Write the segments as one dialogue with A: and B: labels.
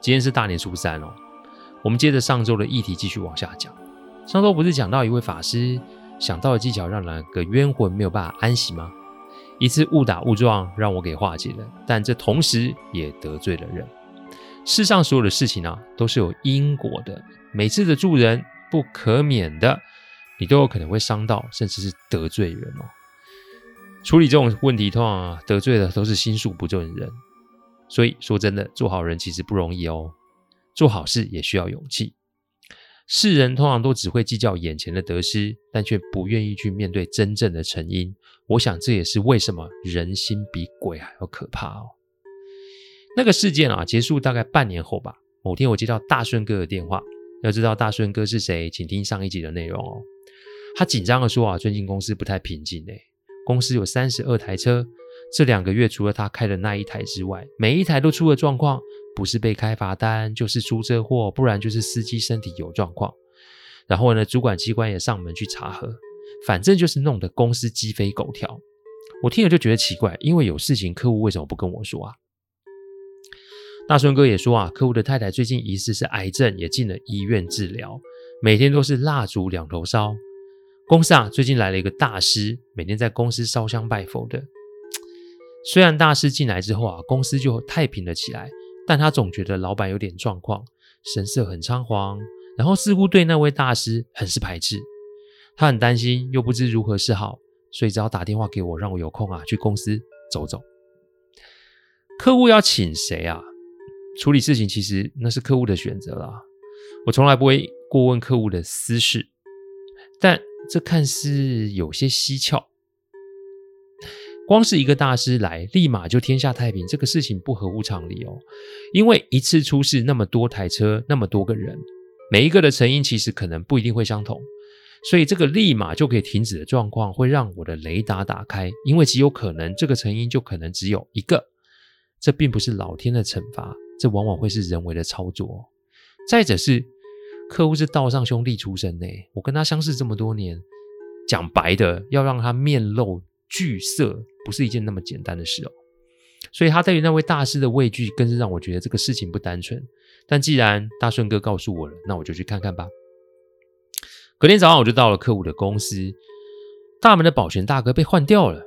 A: 今天是大年初三哦，我們接着上周的議題繼續往下講。上周不是講到一位法師想到的技巧，讓兩個冤魂沒有辦法安息嗎？一次誤打誤撞讓我給化解了，但這同時也得罪了人。世上所有的事情啊，都是有因果的。每次的助人不可免的，你都有可能會傷到，甚至是得罪人哦。處理這種問題的話啊，得罪的都是心術不正的人。所以說真的，做好人其實不容易哦，做好事也需要勇氣。世人通常都只會計較眼前的得失，但卻不願意去面對真正的成因。我想這也是為什麼人心比鬼還要可怕哦。那個事件啊，結束大概半年後吧，某天我接到大順哥的電話。要知道大順哥是誰，請聽上一集的內容哦。他緊張的說啊，最近公司不太平靜嘞、欸，公司有三十二台車。這兩個月，除了他開的那一台之外，每一台都出了狀況，不是被開罰單，就是出車禍，不然就是司機身體有狀況。然後呢，主管機關也上門去查核，反正就是弄得公司雞飛狗跳。我聽了就覺得奇怪，因為有事情，客戶為什麼不跟我說啊？大順哥也說啊，客戶的太太最近疑似是癌症，也進了醫院治療，每天都是蠟燭兩頭燒。公司啊，最近來了一個大師，每天在公司燒香拜佛的。雖然大師進來之後啊，公司就太平了起來，但他總覺得老闆有點狀況，神色很倉皇，然後似乎對那位大師很是排斥。他很擔心，又不知如何是好，所以只好打電話給我，讓我有空啊去公司走走。客戶要請誰啊？處理事情其實那是客戶的選擇啦，我從來不會過問客戶的私事，但這看似有些蹊蹺。光是一個大師來，立馬就天下太平，這個事情不合乎常理哦。因為一次出事那麼多台車，那麼多個人，每一個的成因其實可能不一定會相同，所以這個立馬就可以停止的狀況，會讓我的雷達打開，因為極有可能這個成因就可能只有一個。這並不是老天的懲罰，這往往會是人為的操作。再者是客戶是道上兄弟出身呢，我跟他相識這麼多年，講白的，要讓他面露懼色。不是一件那麼簡單的事哦，所以他對於那位大師的畏懼，更是讓我覺得這個事情不單純。但既然大順哥告訴我了，那我就去看看吧。隔天早上，我就到了客戶的公司，大門的保全大哥被換掉了。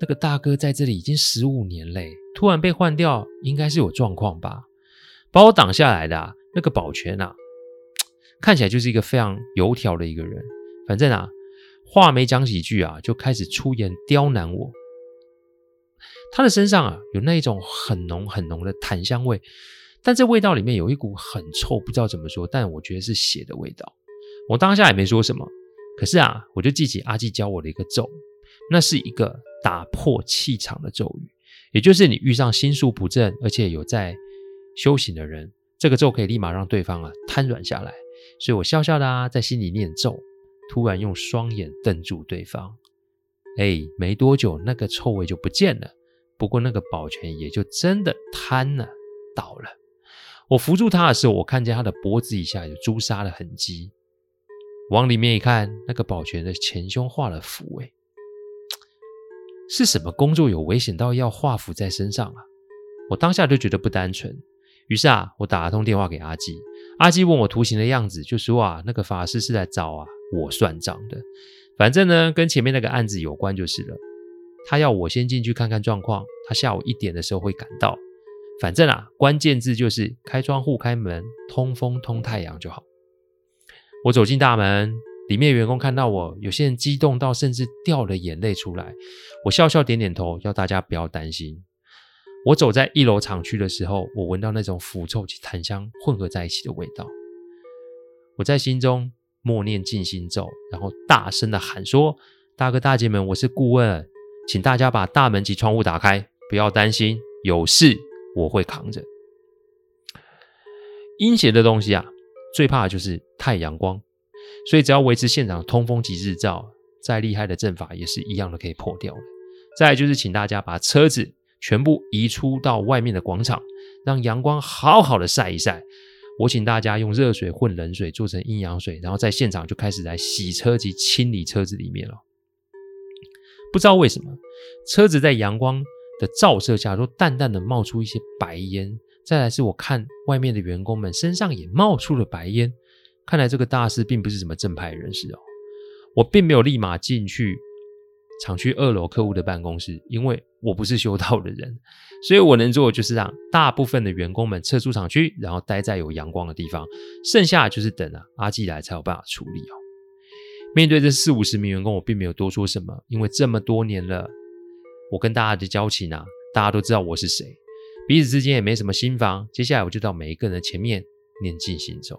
A: 那個大哥在這裡已經十五年嘞，突然被換掉，應該是有狀況吧？把我擋下來的啊，那個保全啊，看起來就是一個非常油條的一個人。反正啊。話沒講幾句啊，就開始出言刁難我。他的身上啊，有那一種很濃很濃的檀香味，但這味道裡面有一股很臭，不知道怎麼說，但我覺得是血的味道。我當下也沒說什麼，可是啊，我就記起阿季教我的一個咒，那是一個打破氣場的咒語，也就是你遇上心術不正而且有在修行的人，這個咒可以立馬讓對方啊癱軟下來。所以我笑笑的啊，在心裡念咒。突然用雙眼瞪住對方，哎，沒多久那個臭味就不見了。不過那個保全也就真的癱了倒了。我扶住他的時候，我看見他的脖子以下有朱砂的痕迹。往裡面一看，那個保全的前胸畫了符，哎，是什麼工作有危險到要畫符在身上啊？我當下就覺得不單純。於是啊，我打了通電話給阿基，阿基問我圖形的樣子，就說啊，那個法師是在找啊，我算賬的，反正呢，跟前面那個案子有關就是了。他要我先進去看看狀況，他下午一點的時候會趕到。反正啊，關鍵字就是開窗戶、開門，通風通太陽就好。我走進大門，裡面員工看到我，有些人激動到甚至掉了眼淚出來。我笑笑，點點頭，要大家不要擔心。我走在一樓廠區的時候，我聞到那種腐臭及檀香混合在一起的味道。我在心中默念靜心咒，然後大聲的喊說：“大哥大姐們，我是顧問，請大家把大門及窗戶打開，不要擔心，有事我會扛着。陰邪的東西啊，最怕的就是太陽光，所以只要維持現場通風及日照，再厲害的陣法也是一樣的可以破掉的。再來就是，請大家把車子全部移出到外面的廣場，讓陽光好好的曬一曬。”我請大家用熱水混冷水做成陰陽水，然後在現場就開始來洗車及清理車子裡面了。不知道為什麼，車子在陽光的照射下都淡淡的冒出一些白煙。再來是我看外面的員工們身上也冒出了白煙，看來這個大師並不是什麼正派人士哦。我並沒有立馬進去。廠區二樓客戶的辦公室，因為我不是修道的人，所以我能做的就是讓大部分的員工們撤出廠區，然後待在有陽光的地方，剩下的就是等啊阿季來才有辦法處理哦。面對這四五十名員工，我並沒有多說什麼，因為這麼多年了，我跟大家的交情啊，大家都知道我是誰，彼此之間也沒什麼心防。接下來我就到每一個人的前面念盡心咒，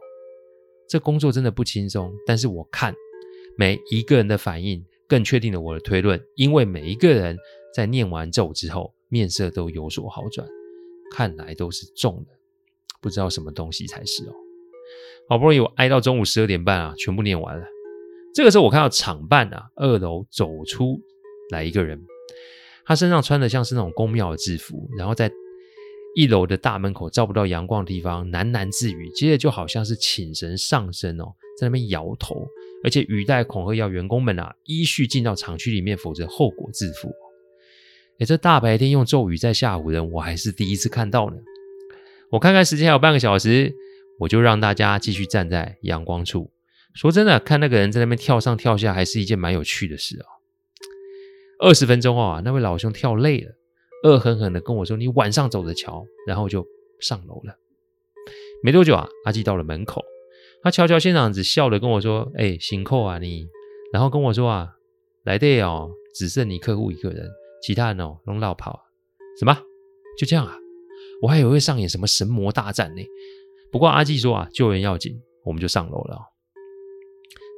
A: 這工作真的不輕鬆，但是我看每一個人的反應更確定了我的推論，因為每一個人在念完咒之後，面色都有所好轉，看來都是中了，不知道什麼東西才是哦。好不容易我挨到中午十二點半啊，全部念完了。這個時候我看到場辦啊，二樓走出來一個人，他身上穿的像是那種宮廟的制服，然後在。一樓的大門口照不到陽光的地方，喃喃自語，接着就好像是請神上身哦，在那邊搖頭，而且語帶恐嚇，要員工們啊依序進到廠區裡面，否則後果自負。哎、欸，這大白天用咒語在嚇唬人，我還是第一次看到呢。我看看時間還有半個小時，我就讓大家繼續站在陽光處。說真的，看那個人在那邊跳上跳下，還是一件蠻有趣的事哦。二十分鐘哦，那位老兄跳累了。惡狠狠地跟我說：“你晚上走着瞧。”然後就上樓了。沒多久啊，阿季到了門口，他瞧瞧現場，只笑着跟我說：“哎、欸，辛苦啊你。”然後跟我說：“啊，來對哦，只剩你客戶一個人，其他人哦都落跑。什麼？就這樣啊？我還以為會上演什麼神魔大戰呢。不過阿季說啊，救人要緊，我們就上樓了。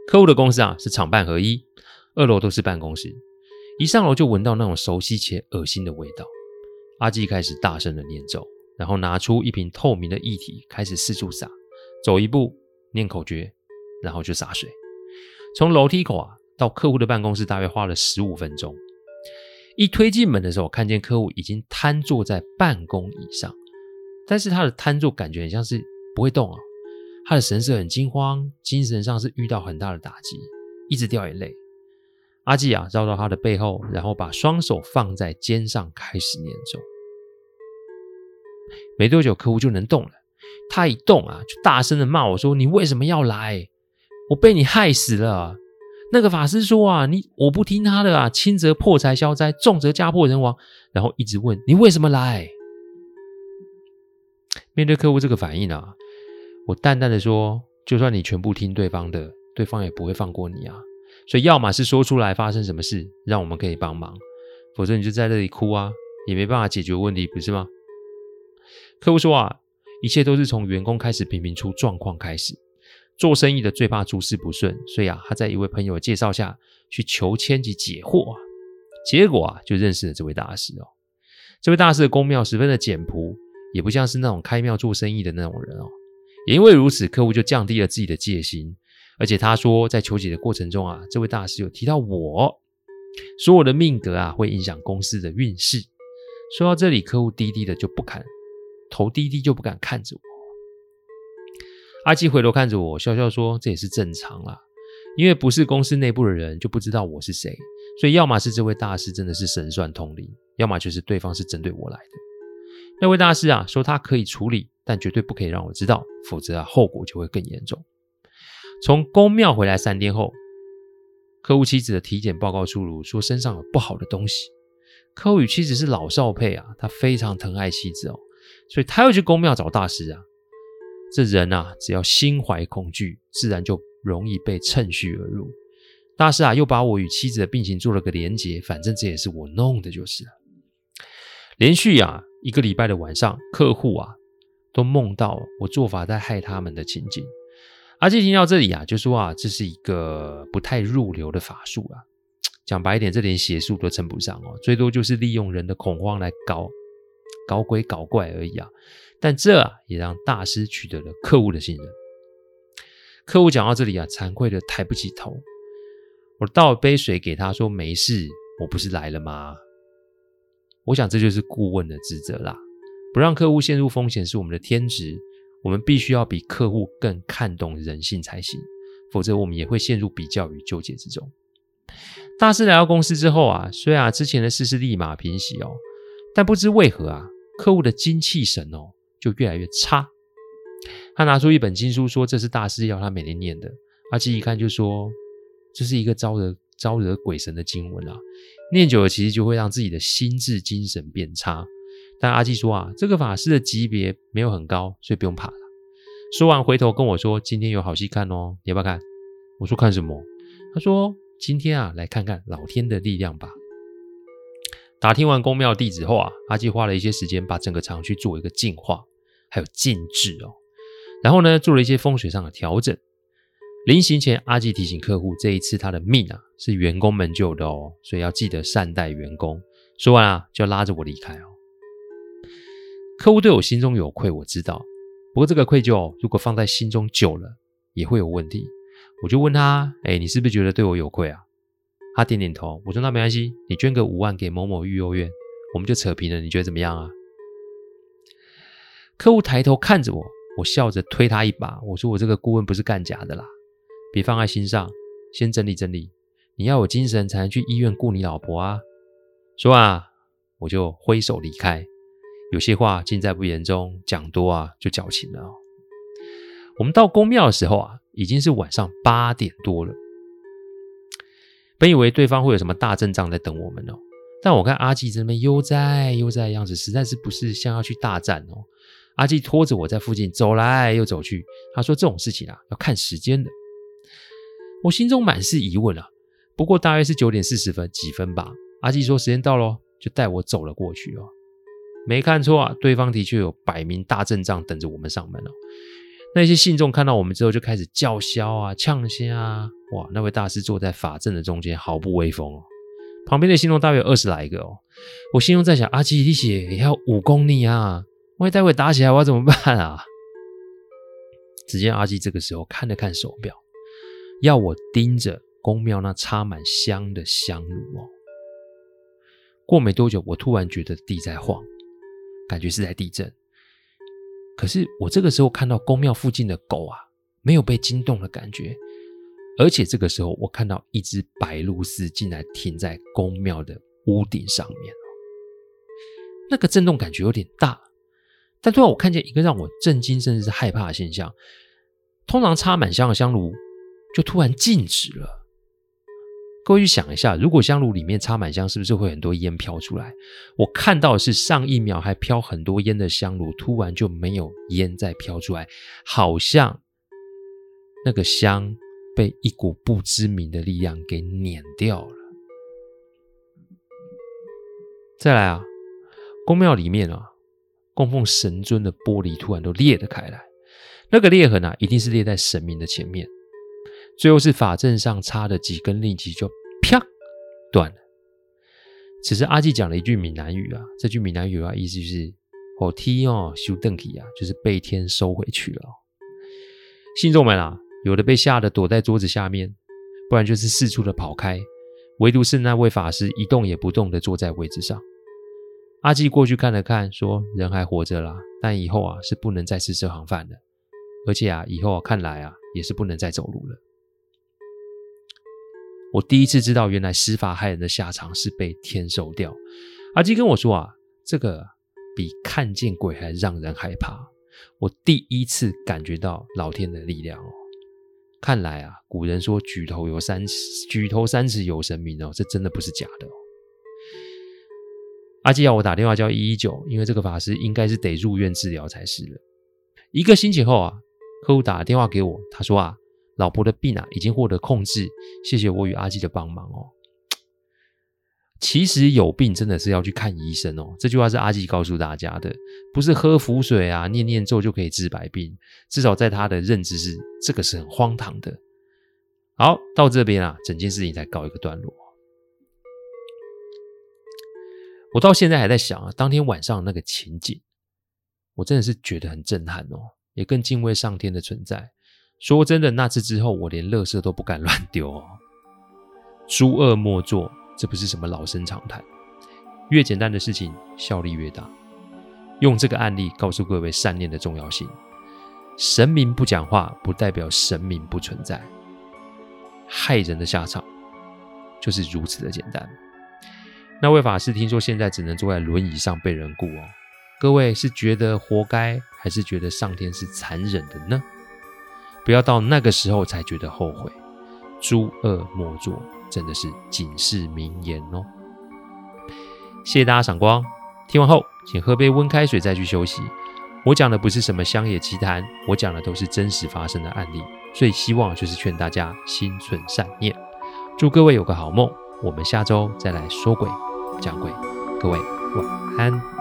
A: 客戶的公司啊是廠辦合一，二樓都是辦公室。一上樓就聞到那種熟悉且惡心的味道，阿基開始大聲的念咒，然後拿出一瓶透明的液體開始四處灑，走一步念口訣，然後就灑水。從樓梯口啊到客戶的辦公室大約花了十五分鐘。一推進門的時候，看見客戶已經癱坐在辦公椅上，但是他的癱坐感覺很像是不會動啊，他的神色很驚慌，精神上是遇到很大的打擊，一直掉眼淚。阿季啊，繞到他的背後，然後把雙手放在肩上，開始念咒。沒多久，客戶就能動了。他一動啊，就大聲的罵我說：“你為什麼要來？我被你害死了！”那個法師說啊：“你，我不聽他的啊，輕則破財消災，重則家破人亡。”然後一直問：“你為什麼來？”面對客戶這個反應啊，我淡淡的說：“就算你全部聽對方的，對方也不會放過你啊。”所以，要麼是說出來發生什麼事，讓我們可以幫忙，否則你就在這裡哭啊，也沒辦法解決問題，不是嗎？客戶說啊，一切都是從員工開始頻頻出狀況開始，做生意的最怕諸事不順，所以啊，他在一位朋友的介紹下去求籤及解惑啊，結果啊，就認識了這位大師哦。這位大師的宮廟十分的簡樸，也不像是那種開廟做生意的那種人哦。也因為如此，客戶就降低了自己的戒心。而且他說，在求解的過程中啊，這位大師有提到我說，我的命格啊會影響公司的運勢。說到這裡，客戶低低的就不敢，頭低低就不敢看着我。阿基回頭看着我，笑笑說：“這也是正常啦，因為不是公司內部的人就不知道我是誰，所以要麼是這位大師真的是神算通靈，要麼就是對方是針對我來的。”那位大師啊說：“他可以處理，但絕對不可以讓我知道，否則啊後果就會更嚴重。”從公廟回來三天後，客戶妻子的體檢報告出爐，說身上有不好的東西。客戶與妻子是老少配啊，他非常疼愛妻子哦，所以他又去公廟找大師啊。這人啊，只要心懷恐懼，自然就容易被趁虛而入。大師啊，又把我與妻子的病情做了個連結，反正這也是我弄的，就是了。連續啊一個禮拜的晚上，客戶啊都夢到我做法在害他們的情景。而進行到這裡啊，就說啊，這是一個不太入流的法術啊，講白一點，這連邪術都稱不上哦，最多就是利用人的恐慌來搞搞鬼、搞怪而已啊。但這啊，也讓大師取得了客戶的信任。客戶講到這裡啊，慚愧的抬不起頭。我倒杯水給他說：“沒事，我不是來了嗎？”我想這就是顧問的職責啦，不讓客戶陷入風險是我們的天職。我們必須要比客戶更看懂人性才行，否則我們也會陷入比較與糾結之中。大師來到公司之後啊，雖然之前的事是立馬平息哦，但不知為何啊，客戶的精氣神哦就越來越差。他拿出一本經書說：“這是大師要他每天念的。”阿吉一看就說：“這是一個招惹招惹鬼神的經文啊！念久了，其實就會讓自己的心智精神變差。”但阿基說啊，這個法師的級別沒有很高，所以不用怕。說完，回頭跟我說：“今天有好戲看哦，你要不要看？”我說：“看什麼？”他說：“今天啊，來看看老天的力量吧。”打聽完宮廟地址後啊，阿基花了一些時間把整個廠區做一個淨化，還有禁制哦。然後呢，做了一些風水上的調整。臨行前，阿基提醒客戶：“這一次他的命啊，是員工們救的哦，所以要記得善待員工。”說完啊，就拉着我離開哦。客戶對我心中有愧，我知道。不過這個愧疚如果放在心中久了也會有問題，我就問他：“誒、欸、你是不是覺得對我有愧啊？”他點點頭。我說：“那沒關係，你捐個五萬給某某育幼院，我們就扯平了。你覺得怎麼樣啊？”客戶抬頭看着我，我笑着推他一把，我說：“我這個顧問不是幹假的啦，別放在心上，先整理整理。你要有精神才能去醫院顧你老婆啊。”說啊，我就揮手離開。有些話盡在不言中，講多啊就矯情了哦。我們到宮廟的時候啊，已經是晚上八點多了。本以為對方會有什麼大陣仗在等我們哦，但我看阿紀這邊悠哉悠哉的樣子，實在是不是像要去大戰哦。阿紀拖着我在附近走來又走去，他說，這種事情啊要看時間的。我心中滿是疑問啊，不過大約是九點四十分幾分吧。阿紀說，時間到嘍，就帶我走了過去哦。沒看錯啊，對方的確有百名大陣仗等着我們上門哦。那些信眾看到我們之後就開始叫囂啊、嗆聲啊。哇，那位大師坐在法陣的中間，毫不威風哦。旁邊的信眾大約有二十來個哦。我心中在想：阿基，你也要五公里啊？萬一待會打起來，我要怎麼辦啊？只見阿基這個時候看了看手表，要我盯着宮廟那插滿香的香爐哦。過沒多久，我突然覺得地在晃。感覺是在地震，可是我這個時候看到宮廟附近的狗啊，沒有被驚動的感覺，而且這個時候我看到一只白鷺鷥竟然停在宮廟的屋頂上面。那個震動感覺有點大，但最後我看見一個讓我震驚甚至是害怕的現象，通常插滿香的香爐就突然靜止了。各位去想一下，如果香爐裡面插滿香，是不是會很多煙飄出來？我看到的是上一秒還飄很多煙的香爐，突然就沒有煙再飄出來，好像那個香被一股不知名的力量給碾掉了。再來啊，宮廟裡面啊，供奉神尊的玻璃突然都裂了開來，那個裂痕啊，一定是裂在神明的前面。最後是法陣上插的幾根令旗就啪斷了。此時阿紀講了一句閩南語啊，這句閩南語啊，意思就是“哦踢哦修凳子啊”，就是被天收回去了、哦。信眾們啊，有的被嚇得躲在桌子下面，不然就是四處的跑開。唯獨是那位法師一動也不動的坐在位置上。阿紀過去看了看，說：“人還活着啦，但以後啊是不能再吃這行飯的，而且啊以後啊，看來啊也是不能再走路了。”我第一次知道，原來施法害人的下場是被天收掉。阿基跟我說啊，這個比看見鬼還讓人害怕。我第一次感覺到老天的力量哦。看來啊，古人說舉頭有三，舉頭三尺有神明哦，這真的不是假的、哦。阿基要、啊、我打電話叫一一九，因為這個法師應該是得入院治療才是的。一個星期後啊，客戶打了電話給我，他說啊。老婆的病啊，已經獲得控制。謝謝我與阿基的幫忙哦。其實有病真的是要去看醫生哦。這句話是阿基告訴大家的，不是喝符水啊、念念咒就可以治百病。至少在他的認知是，這個是很荒唐的。好，到這邊啊，整件事情才告一個段落。我到現在還在想啊，當天晚上那個情景，我真的是覺得很震撼哦，也更敬畏上天的存在。說真的，那次之後，我連垃圾都不敢亂丟哦。諸惡莫作，這不是什麼老生常談。越簡單的事情，效力越大。用這個案例告訴各位善念的重要性。神明不講話，不代表神明不存在。害人的下場就是如此的簡單。那位法師聽說現在只能坐在輪椅上被人顧哦。各位是覺得活該，還是覺得上天是殘忍的呢？不要到那個時候才覺得後悔，諸惡莫作，真的是警世名言哦。謝謝大家賞光，聽完後請喝杯溫開水再去休息。我講的不是什麼鄉野奇談，我講的都是真實發生的案例，所以希望就是勸大家心存善念。祝各位有個好夢，我們下周再來說詭講鬼。各位晚安。